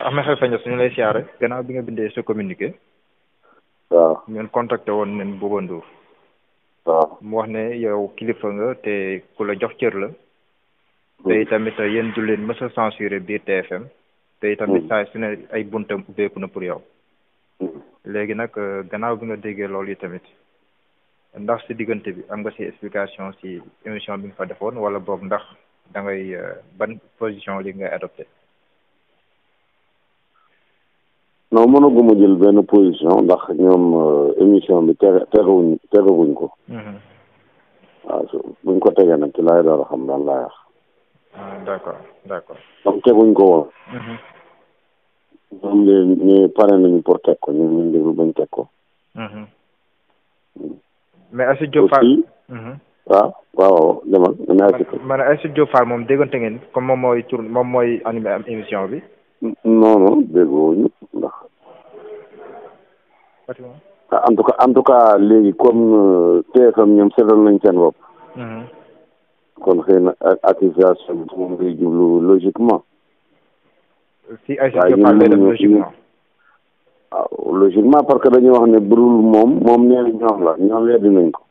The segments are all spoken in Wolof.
Ahmed Khalifa Niass suñu lay siyaare gannaaw bi nga bindee sa communiqué. waaw ñun contacté woon nañ Bouba Ndour. waaw mu wax ne yow kilifa nga te ku la jox cër la. Mm. te tamit yéen du leen mës a censuré biir TFM. te tamit mm. saa su ne ay buntam ubbeeku na pour yow. Mm. léegi nag euh, gannaaw bi nga déggee loolu yi tamit. ndax si diggante bi am nga si explication si émission bi nga fa defoon wala boog ndax dangay euh, ban position li ngay adopté. non mënaguma jël benn position ndax ñoom euh, émission bi tere terewuñ terewuñ ko. Mhm. waaw buñ ko tegee nag ci laay door a xam lan laay wax. Ah, d' donc teguñ ko woon. ñoom de ñu pare nañu pour teg ko ñun ñu déglu bañ teg ko. Mhm. Mm. mais Aïssatou Diop Fall mhm. waaw waaw demal dama Aïssatou. moom mooy tour moom mooy animé émission bi. non non déggoo Ah, en tout cas en tout cas léegi comme euh, TFM ñoom seetal nañ seen bopp. Mhm. kon xëy na accusation bi moom ngay jublu si ay ah, logiquement. parce que dañuy wax ne burul moom moom nee na ñoom la ñoom weddi nañ ko.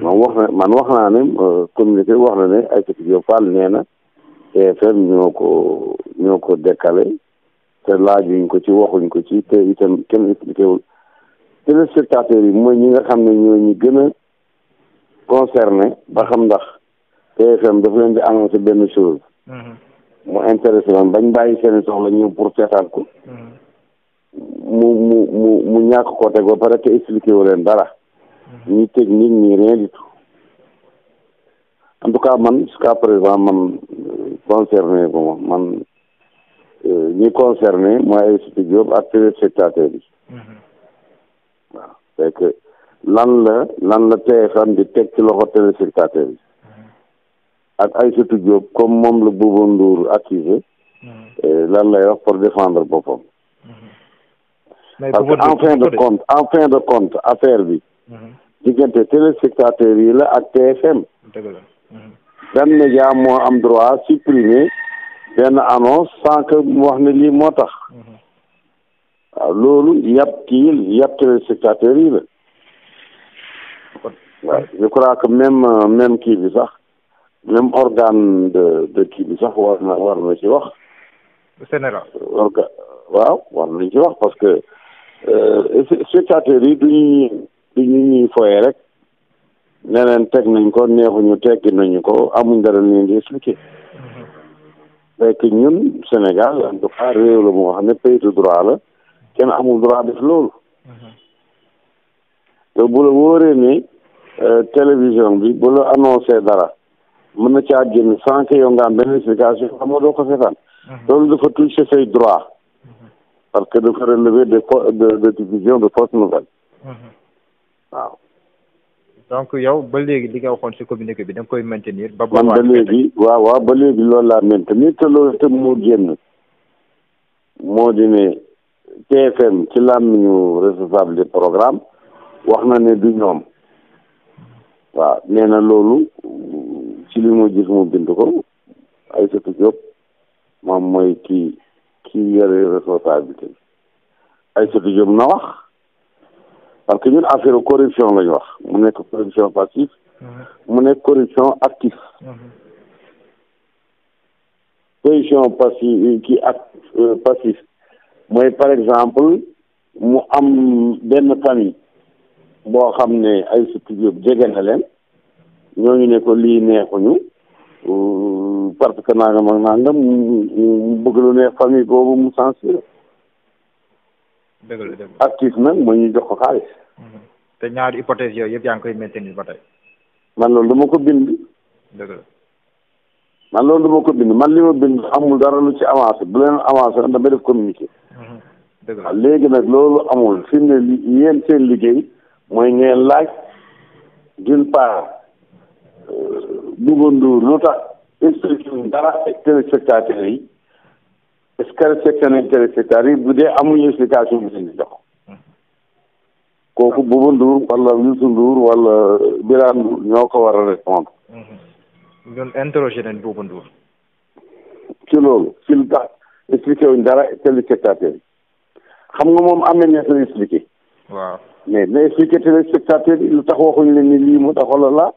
moom mhm. wax na man wax naa ne euh, communiqué wax na nee na TFM ñoo ko ñoo ko décalé. te laajuñ ko ci waxuñ ko ci te itam kenn expliqué wul téléspectateurs yi mooy ñi nga xam ne ñoo ñi gën a ba xam ndax TFM dafa leen bi annoncé benn chose mm-hmm. mu intéressé leen bañ bàyyi seeni soxla pour seetaan ko mm-hmm. mu mu mu mu ñàkk ko teg ba pare te expliqué wu leen dara mm-hmm. ñi technique ñi rien du en tout cas man jusqu'à présent man euh, concerné ko man ñi concerné mooy studio ak téléspectateurs yi mhm. waaw c'est lan la lan la TFM di teg ci loxo téléspectateurs yi mhm. ak Aïssatou Diop comme moom la Bouba Ndour accusé mhm. eh, lan lay wax pour défendre boppam parce en fin de compte en fin de compte affaire bi diggante téléspectateurs yi la ak TFM benn média moo am droit supprimer benn annonce sans mu wax ne lii moo tax mhm. waaw loolu yàpp kii yàpp téléspectateurs yi la waaw je crois que même kii bi sax même organe de de bi sax war na war na ci wax. Sénégal orga waaw war nañ ci wax parce que euh, spectateurs yi du ñuy ñu ñuy foyee rek ne teg nañ ko neexuñu teggi nañu ko amuñ dara leen di expliqué. fekk ñun Sénégal en tout cas réew la moo xam ne pays de droit la kenn amul droit def loolu mhm. te bu la wóoree ne euh, télévision bi bu la annoncé dara mën na caa génn sans que yow nga am benn explication xam nga doo ko seetaan mhm. loolu dafa touché say droit mhm. parce que dafa relever de de de division de fausse nouvelle waaw donc yow ba léegi li nga waxoon si communiqué bi da koy maintenir. ba man ba léegi waaw waaw ba léegi loolu laa maintenir te loolu itam moo génn moo di ne TFM ci làmmiñu responsable des programmes wax na ne du ñoom waaw nee na loolu ci li mu gis mu bind ko ay sëtu Diop moom mooy kii kii yore responsabilité ay sëtu Diop na wax. parce que ñun affaire corruption lañ wax mu nekk corruption passive mu nekk corruption active mhm. corruption passive euh, ki ak euh, passive mooy par exemple mu am benn famille boo xam ne ay studio jege na leen ñooñu ne ko lii neexuñu euh, parce que nangam ak nangam mu bëgg lu neex famille boobu mu censuré dëgg la dëgg la artiste nag mooy ñu jox ko xaalis. Mhm. te ñaari hypothèse yooyu yëpp yaa ngi koy maintenir ba tey. man loolu dama ko bind. dëgg la. man loolu dama ko bind man li ma bind amul dara lu ci avancé bu leen avancé nag damay def communiqué. Mhm. dëgg la léegi nag loolu amul fi mu ne yéen seen liggéey mooy ngeen laaj d'une part euh, Bouba Ndour lu tax expliqué dara ak téléspectateurs yi. escale secteur interspectaires yi bu dee amuñu explication bi ñu jox kooku Bouba Ndour wala Youssou Ndour wala Birane ñoo ko war a répondre mm-hmm. ñun interroger nañ Bouba Ndour ci loolu ci lu tax expliqué wuñ dara téléspectateur xam nga moom amee ne sa expliqué waaw mais na expliqué téléspectateur yi lu tax waxuñ ni lii mu tax wala laa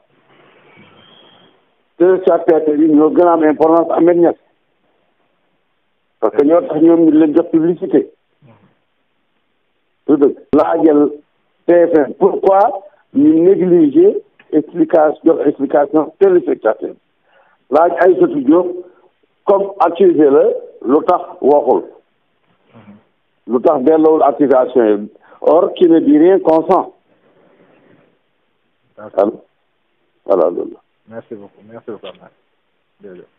téléspectateur yi ñoo gën a am importance amee ñett parce que ñoo tax ñoom ñu leen jox publicité lu dëgg laajal TFM pourquoi ñu négliger explication jox explication téléspectateur laaj ay satu Diop comme accusé la lu tax waxul lu tax delloowul accusation yi or qui ne dit rien consent voilà loolu merci beaucoup merci beaucoup